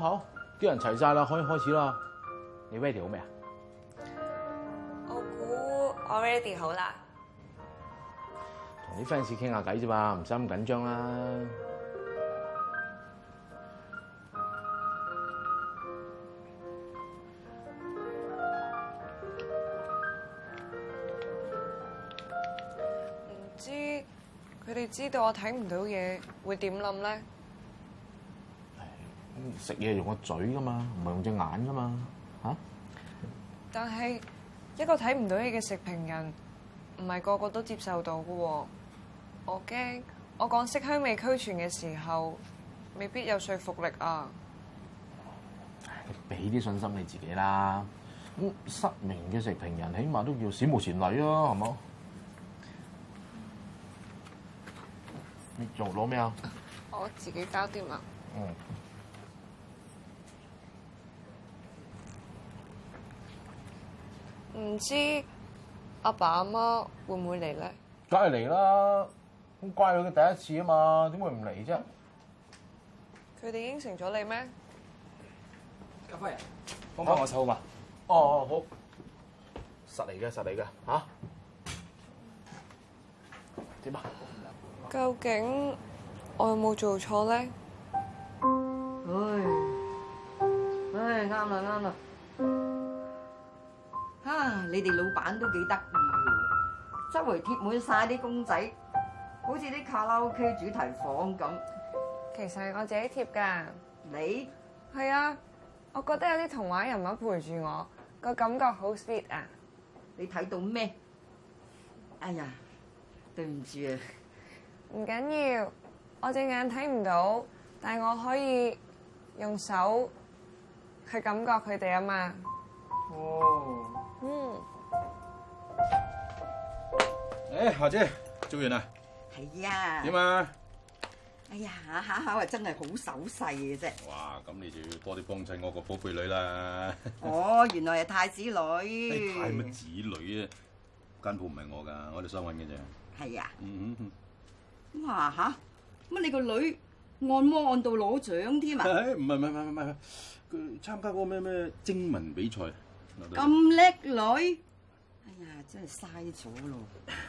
好，啲人齊晒啦，可以開始啦。你 ready 好未啊？我估我 ready 好啦。同啲 fans 傾下偈啫嘛，唔使咁緊張啦。唔知佢哋知道我睇唔到嘢，會點諗咧？食嘢用個嘴噶嘛，唔係用隻眼噶嘛嚇。但係一個睇唔到嘢嘅食評人，唔係個個都接受到嘅喎。我驚我講色香味俱全嘅時候，未必有說服力啊。你俾啲信心你自己啦。咁失明嘅食評人，起碼都叫史無前例咯，係冇？你做攞咩啊？我自己搞掂啦。嗯。唔知阿爸阿媽會唔會嚟咧？梗係嚟啦！咁乖女嘅第一次啊嘛，點會唔嚟啫？佢哋應承咗你咩？家輝，幫幫我手嘛！哦哦，好，實嚟嘅，實嚟嘅吓？點啊？究竟我有冇做錯咧？唉唉，啱啦啱啦。對啊！你哋老闆都幾得意，周圍貼滿晒啲公仔，好似啲卡拉 OK 主題房咁。其實係我自己貼噶。你係啊，我覺得有啲童話人物陪住我，個感覺好 sweet 啊！你睇到咩？哎呀，對唔住啊，唔緊要。我隻眼睇唔到，但係我可以用手去感覺佢哋啊嘛。哦。誒、哎，霞姐，做完啦？係呀、啊。點啊？哎呀，下下下啊，真係好手勢嘅啫。哇，咁你就要多啲幫襯我個寶貝女啦。 哦，原來係太子女。哎、太乜子女啊，間鋪唔係我噶，我哋新搵嘅啫。係啊。嗯嗯嗯。哇吓，乜、啊、你個女按摩按到攞獎添啊？誒、哎，唔係唔係唔係唔係，佢參加嗰個咩咩徵文比賽。咁叻女，哎呀，真係嘥咗咯。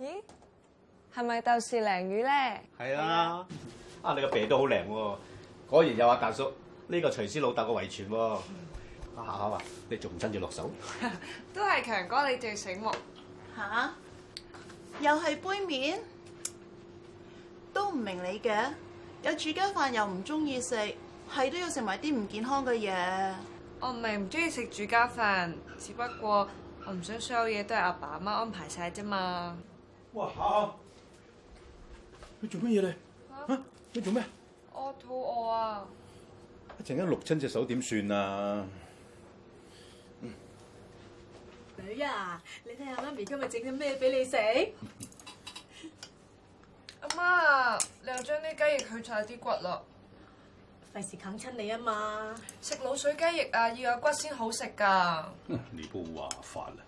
咦，係咪豆豉鯪魚咧？係啊，這個，啊！啊！你個鼻都好靈，果然有阿大叔呢個廚師老豆個遺傳。下下啊，你仲唔親住落手？都係強哥，你最醒目吓，又係杯麵，都唔明你嘅有住家飯又唔中意食，係都要食埋啲唔健康嘅嘢。我唔係唔中意食住家飯，只不過我唔想所有嘢都係阿爸阿媽安排晒啫嘛。哇！你做乜嘢嚟？你做咩？我肚餓啊！一陣間六親隻手點算啊？女啊，你睇下媽咪今日整啲咩俾你食？阿 媽你又將啲雞翼去晒啲骨咯，費事啃親你啊嘛！食滷水雞翼啊，要有骨先好食噶。你部話法啦，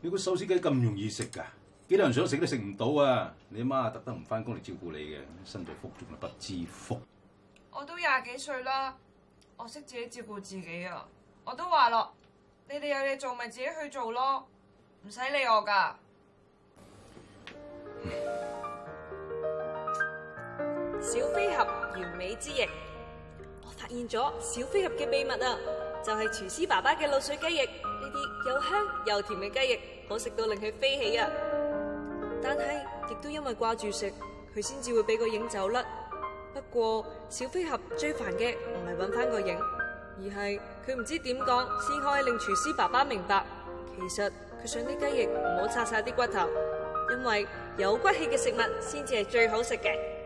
你個手撕雞咁容易食噶？幾多人想食都食唔到啊！你阿媽特登唔返工嚟，照顧你嘅，身在福中不知福。我都廿幾歲啦，我識自己照顧自己啊！我都話咯，你哋有嘢做咪自己去做咯，唔使理我噶。 小飛俠完美之翼，我發現咗小飛俠嘅秘密啊！就係、是、廚師爸爸嘅滷水雞翼，呢啲又香又甜嘅雞翼，好食到令佢飛起啊！但係，亦都因為掛住食，佢先至會俾個影走甩。不過，小飛俠最煩嘅唔係搵翻個影，而係佢唔知點講先可以令廚師爸爸明白，其實佢想啲雞翼唔好拆晒啲骨頭，因為有骨氣嘅食物先至係最好食嘅。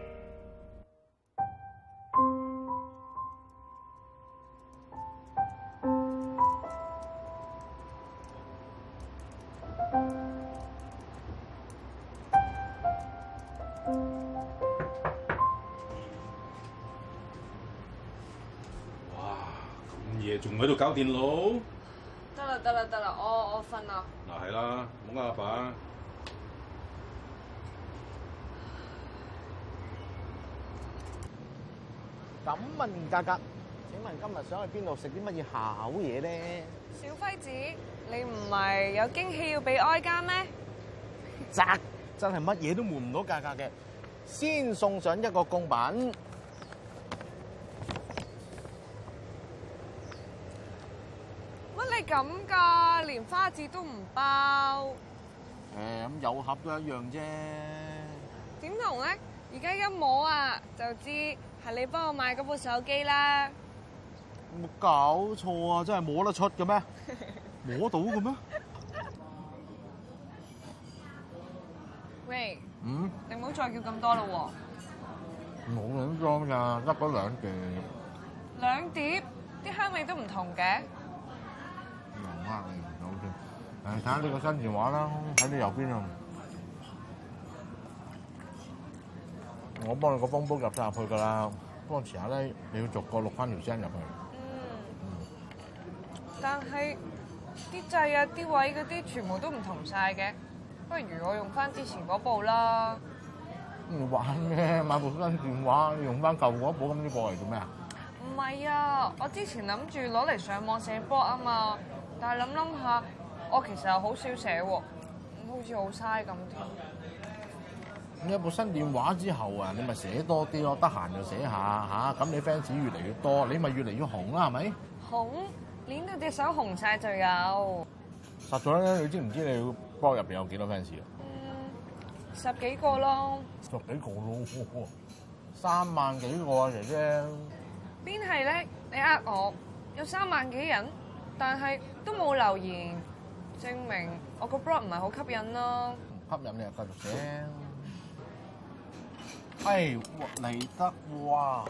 電腦，得啦得啦得啦，我我瞓啦。嗱，係啦，唔好呃阿爸。咁問價格？請問今日想去邊度食啲乜嘢好嘢咧？小輝子，你唔係有驚喜要俾哀家咩？咋，真真係乜嘢都換唔到價格嘅，先送上一個貢品。咁噶，連花字都唔包。誒，咁有盒都一樣啫。點同咧？而家一摸啊，就知係你幫我買嗰部手機啦。冇搞錯啊！真係摸得出嘅咩？摸到嘅咩？喂。嗯。你唔好再叫咁多啦喎。冇兩裝㗎，甩咗兩碟。兩碟，啲香味都唔同嘅。啊、嗯，唔好笑！睇下你個新電話啦，喺你右邊啊。我幫你個風煲入得入去㗎喇。不過遲下咧，你要逐個錄翻條聲入去。嗯。嗯，但係啲掣啊、啲位嗰啲全部都唔同晒嘅，不如我用翻之前嗰部啦。唔玩咩？買部新電話，用翻舊嗰部咁樣過嚟做咩啊？唔係啊，我之前諗住攞嚟上網寫 blog 啊嘛。但係諗諗下，我其實又好少寫喎，好似好嘥咁添。有、啊、部新電話之後啊，你咪寫多啲咯，得閒就寫下吓，咁你 fans 越嚟越多，你咪越嚟越紅啦，係咪？紅，攆到隻手紅晒就有。實在咧，你知唔知你 blog 入邊有幾多 fans 啊？嗯，十幾個咯。十幾個咯，三萬幾個啊姐姐。邊係咧？你呃我，有三萬幾人。但係都冇留言證明我個 blog 唔係好吸引咯。吸引你又繼續嘅。哎，嚟得哇！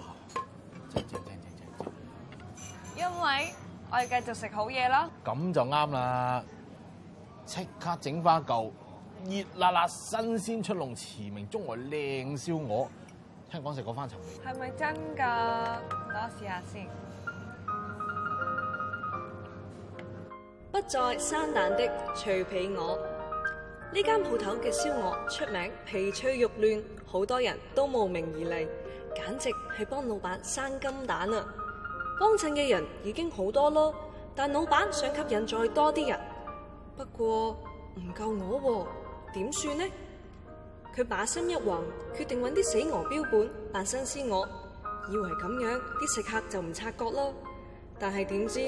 因為我哋繼續食好嘢啦。咁就啱啦！即刻整返嚿熱辣辣新鮮出爐，馳名中和，靚燒鵝，聽講食過翻尋。係咪真㗎？等我試下先。再生蛋的脆皮鵝，呢間鋪頭嘅燒鵝出名皮脆肉嫩，好多人都慕名而嚟，簡直係幫老闆生金蛋啊。幫襯嘅人已經好多咯，但老闆想吸引再多啲人，不過唔夠我，點算呢？佢把心一橫，決定搵啲死鵝標本扮新鮮鵝，以為咁樣啲食客就唔察覺咯。但係點知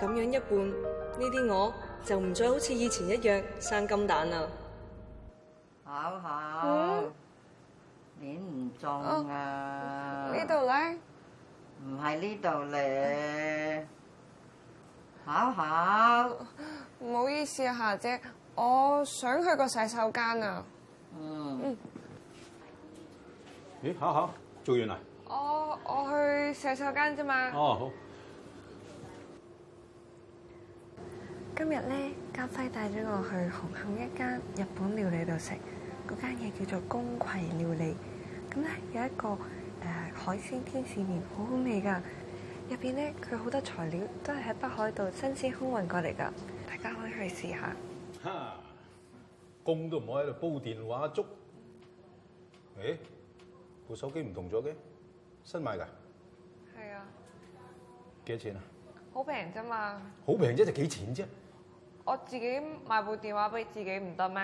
咁樣一半。呢啲我就唔再好似以前一樣生金蛋啦。巧巧，面唔中啊？哦、這裡呢度咧？唔係呢度咧。巧、嗯、巧，唔好，好，好意思啊，霞姐，我想去個洗手間啊。嗯。嗯。咦、哎？巧巧，做完啦？我我去洗手間啫嘛。哦，好。今日咧，家輝帶咗我去紅磡一間日本料理度食，嗰間嘢叫做公葵料理。咁咧有一個誒、呃、海鮮天使麵，好好味㗎！入邊咧佢好多材料都係喺北海道新鮮空運過嚟㗎，大家可以去試下。嚇！公都唔可以喺度煲電話粥。誒、哎，部手機唔同咗嘅，新買㗎？係啊。幾多錢啊？好平啫嘛！好平啫，就幾錢啫。我自己買部電話俾自己唔得咩？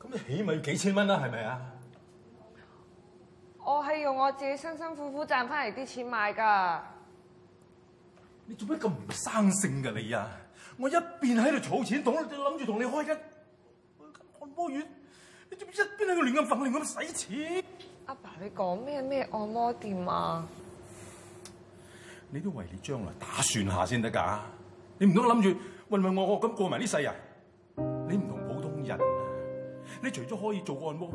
咁你起碼要幾千蚊啦，係咪啊？我係用我自己辛辛苦苦賺翻嚟啲錢買噶。你做咩咁唔生性噶你啊？我一邊喺度儲錢，諗住諗住同你開間按摩院，你做咩一邊喺度亂咁瞓亂咁使錢？阿爸，爸，你講咩咩按摩店啊？你都為你將來打算下先得㗎，你唔通諗住混混噩噩咁過埋呢世人？你唔同普通人，你除咗可以做按摩，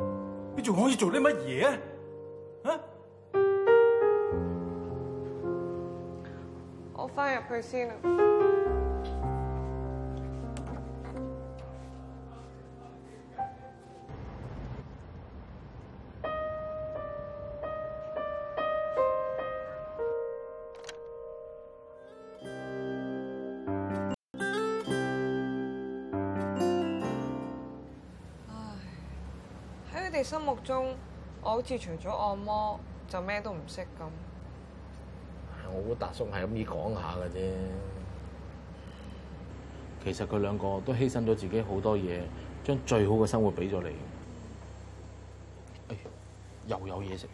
你仲可以做啲乜嘢啊？啊！我返入去先啦。心目中我好似除咗按摩就咩都唔識咁。我嗰達叔係咁意講下㗎啫。其實佢兩個都犧牲咗自己好多嘢，將最好嘅生活俾咗你。哎，又有嘢食，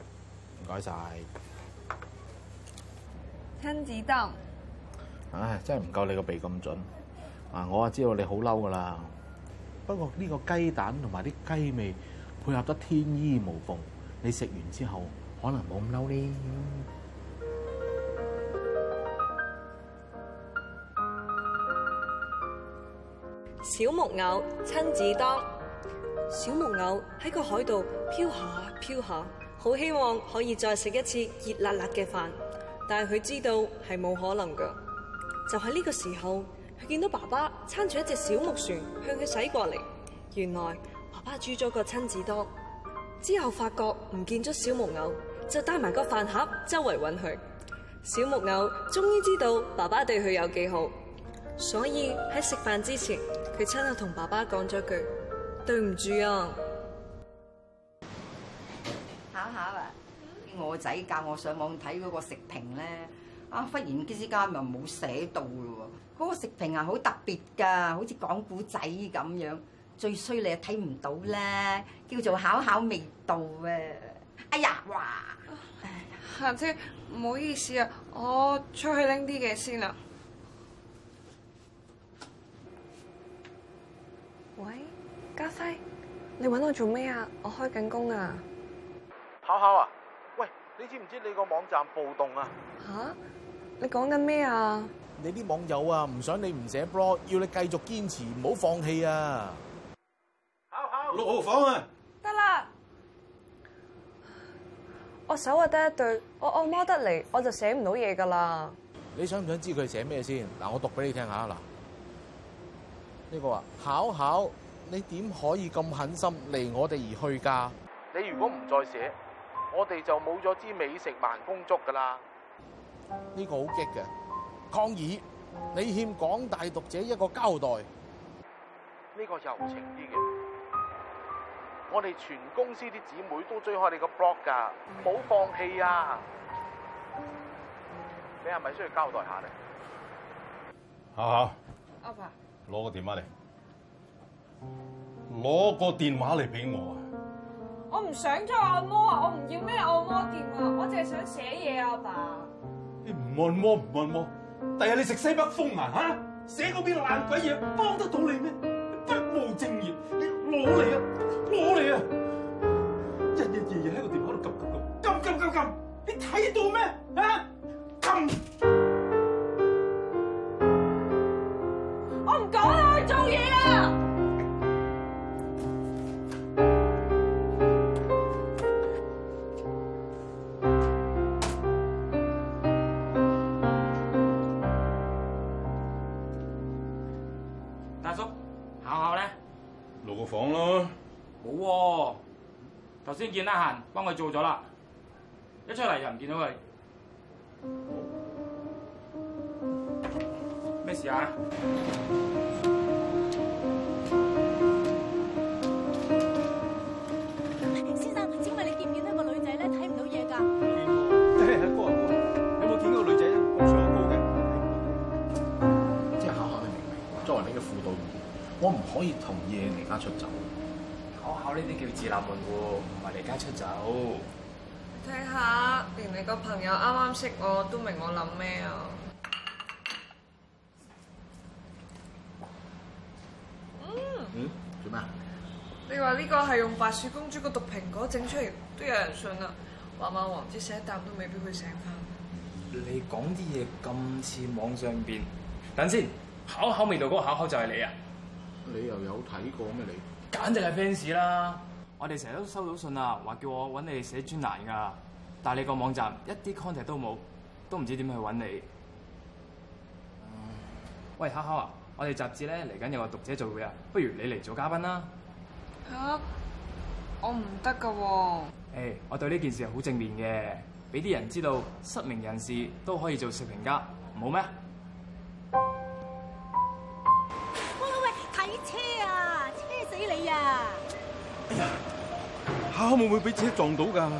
唔該晒。親子燈。唉，真係唔夠你個鼻咁準。啊！我啊知道你好嬲㗎喇。不過呢個雞蛋同埋啲雞味配合得天衣無縫，你食完之後可能冇咁嬲呢？小木偶親子多，小木偶喺個海度漂下漂下，好希望可以再食一次熱辣辣嘅飯，但係佢知道係冇可能㗎。就喺呢個時候。佢見到爸爸撐住一隻小木船向佢駛過嚟，原來爸爸煮咗個親子湯，之後發覺唔見咗小木偶，就帶埋個飯盒周圍揾佢。小木偶終於知道爸爸對佢有幾好，所以喺食飯之前，佢親口同爸爸講咗句：對唔住啊！巧巧啊。」我仔教我上網睇嗰個食評咧。啊！忽然之間又冇寫到咯喎，嗰個食評好特別㗎，好似講古仔咁樣。最衰你又睇唔到咧，叫做巧巧味道啊！哎呀，哇！夏姐，唔好意思啊，我出去拎啲嘢先啦。喂，家輝，你搵我做咩啊？我開緊工啊！巧巧啊？喂，你知唔知你個網站暴動啊？吓！你講緊咩啊？你啲網友啊，唔想你唔寫 blog，要你繼續堅持，唔好放棄啊！巧巧六號房啊！得啦，我手啊得一對，我摸得嚟，我就寫唔到嘢噶啦。你想唔想知佢寫咩先？嗱，我讀俾你聽下啦。呢、這個話巧巧你點可以咁狠心離我哋而去㗎？你如果唔再寫，我哋就冇咗支美食盲公竹㗎啦。呢、這個好激嘅抗議，你欠廣大讀者一個交代。呢、這個柔情啲嘅，我哋全公司啲姊妹都追開你個 blog 噶，唔好放棄啊！你係咪需要交代下你啊？阿爸，攞個電話嚟，攞個電話嚟俾我。我唔想做按摩啊！我唔要咩按摩店啊！我淨係想寫嘢，阿爸。按摩唔按摩？第日你食西北風啊！嚇、啊，寫嗰啲爛鬼嘢，幫得到你咩？不務正業，你攞嚟啊！攞嚟啊！日日夜夜喺個電話度撳撳撳撳撳撳，你睇到咩？嚇、啊！先見啦，行，幫佢做咗啦，一出嚟就唔見到佢。咩事啊？先生，請問你見唔見到一個女仔咧？睇唔到嘢㗎。見、嗯、過，高啊高。有冇見過女仔咧？咁長高嘅。即係考考你明唔明？作為你嘅輔導員，我唔可以同意離家出走。巧巧，呢啲叫自立門戶，唔係離家出走。睇下，連你個朋友啱啱識我都明我諗咩啊？嗯？嗯？做咩？你話呢個係用白雪公主個毒蘋果整出嚟，都有人信啊。華馬王子寫一啖，都未必會醒翻。你講啲嘢咁似網上邊，等先，巧巧味道嗰個巧巧就係你啊？你又有睇過咩？你？簡直係 fans 啦！我哋成日都收到信啊，話叫我揾你寫專欄㗎，但係你個網站一啲 contact 都冇，都唔知點去揾你。嗯。喂，巧巧啊！我哋雜誌咧嚟緊有個讀者聚會啊，不如你嚟做嘉賓啦。好、啊，我唔得㗎喎。誒，我對呢件事係好正面嘅，俾啲人知道失明人士都可以做食評家，唔好咩？會唔會俾車撞到噶、哎？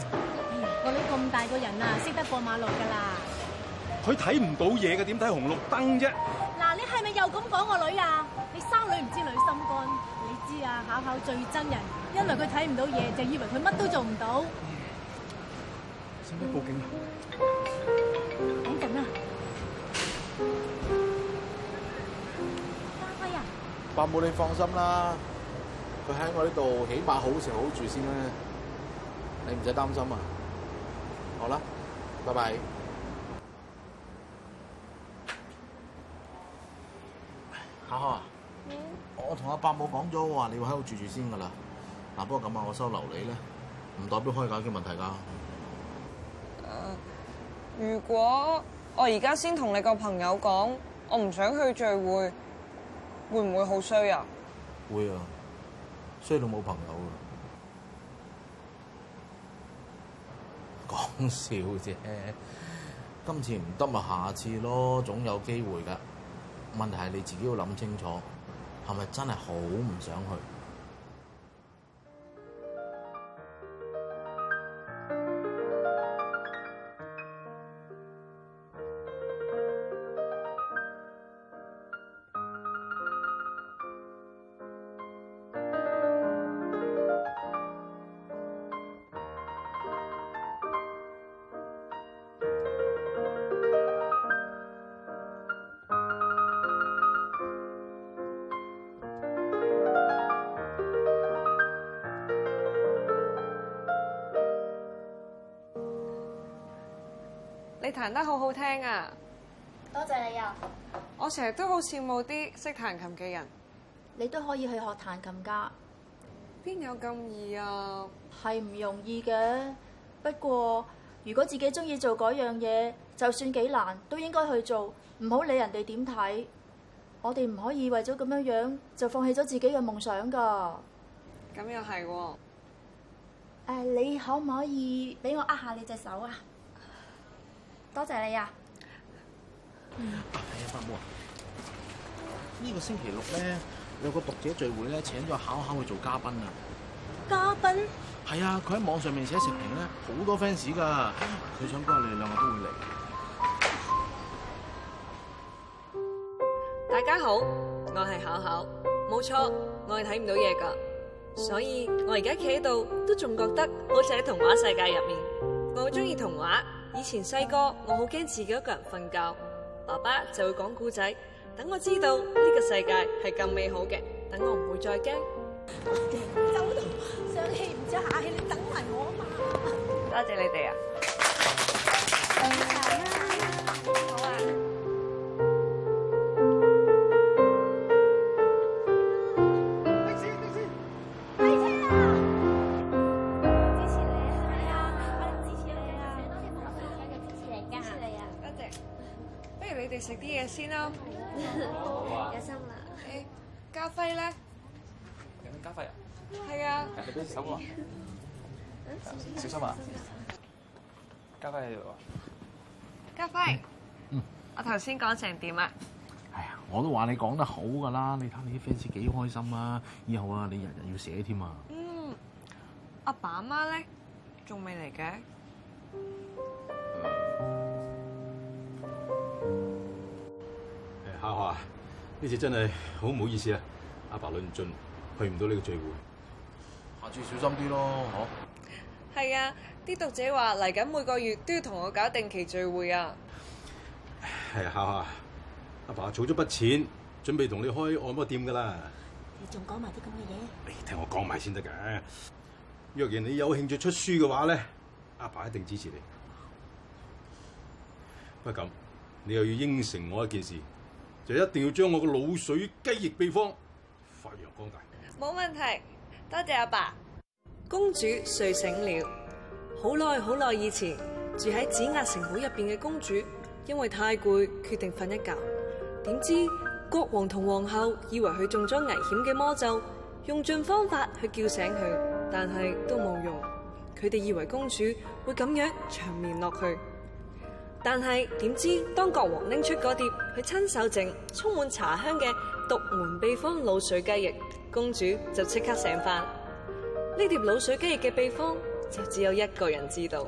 個女咁大個人啊，識得過馬路噶啦。佢睇唔到嘢嘅，點睇紅綠燈啫？嗱，你係咪又咁講我女啊？你生女唔知女心肝，你知啊？巧巧最憎人，因為佢睇唔到嘢，就以為佢乜都做唔到。使唔使報警啊？嗯、等陣啦、啊。家輝啊！伯母你放心啦，佢喺我呢度，起碼好食好住先啦。你唔使擔心啊，好啦，拜拜。夏浩啊，嗯、我同阿伯母講咗話，你會喺度住住先噶啦。嗱，不過咁啊，我收留你咧，唔代表可以解決問題噶、呃。如果我而家先同你個朋友講，我唔想去聚會，會唔會好衰啊？會啊，衰到冇朋友啊！講笑啫，今次唔得咪下次咯，總有機會㗎。問題係你自己要諗清楚，係咪真係好唔想去？彈得好好聽啊！多謝你啊！我成日都好羨慕啲識彈琴嘅人，你都可以去學彈琴噶。邊有咁易啊？係唔容易嘅。不過如果自己中意做嗰樣嘢，就算幾難都應該去做，唔好理人哋點睇。我哋唔可以為咗咁樣樣就放棄咗自己嘅夢想噶。咁又係喎。誒、呃，你可唔可以俾我握下你隻手啊？多謝，謝你啊！哎、嗯、呀，伯母啊，呢、啊啊這個星期六咧有個讀者聚會咧，請咗巧巧去做嘉賓啊！嘉賓係啊，佢喺網上面寫食評咧，好多 fans 噶，佢想估你哋兩個都會嚟。大家好，我係巧巧，冇錯，我係睇唔到嘢噶，所以我而家企喺度都仲覺得好似喺童話世界入面，我好中意童話。以前細個我好驚自己一個人瞓覺，爸爸就會講故仔，等我知道呢個世界係咁美好嘅，等我唔會再驚。我哋走上氣唔接下氣，你等埋我嘛？多謝你哋啊！頭先講成點啊？哎呀，我都話你講得好噶啦，你睇你啲 fans 幾開心啊！以後啊，你日日要寫添啊。嗯，阿爸阿媽咧，仲未嚟嘅。誒、嗯，夏、哎、夏，呢次真係好唔好意思啊！阿爸論盡，去唔到呢個聚會，下次小心啲咯，嗬。係啊，啲讀者話嚟緊每個月都要同我搞定期聚會啊。係孝下，阿爸儲咗筆錢，準備同你開按摩店噶啦。你仲講埋啲咁嘅嘢？你、哎、聽我講埋先得噶。若然你有興趣出書嘅話咧，阿爸，爸一定支持你。不過咁，你又要應承我一件事，就一定要將我個滷水雞翼秘方發揚光大。冇問題，多謝阿爸，爸。公主睡醒了。好耐好耐以前，住喺指壓城堡入邊嘅公主。因為太攰，決定瞓一覺。點知國王同皇后以為佢中咗危險嘅魔咒，用盡方法去叫醒佢，但係都冇用。佢哋以為公主會咁樣長眠落去，但係點知當國王拎出嗰碟佢親手整、充滿茶香嘅獨門秘方滷水雞翼，公主就即刻醒返。呢碟滷水雞翼嘅秘方就只有一個人知道。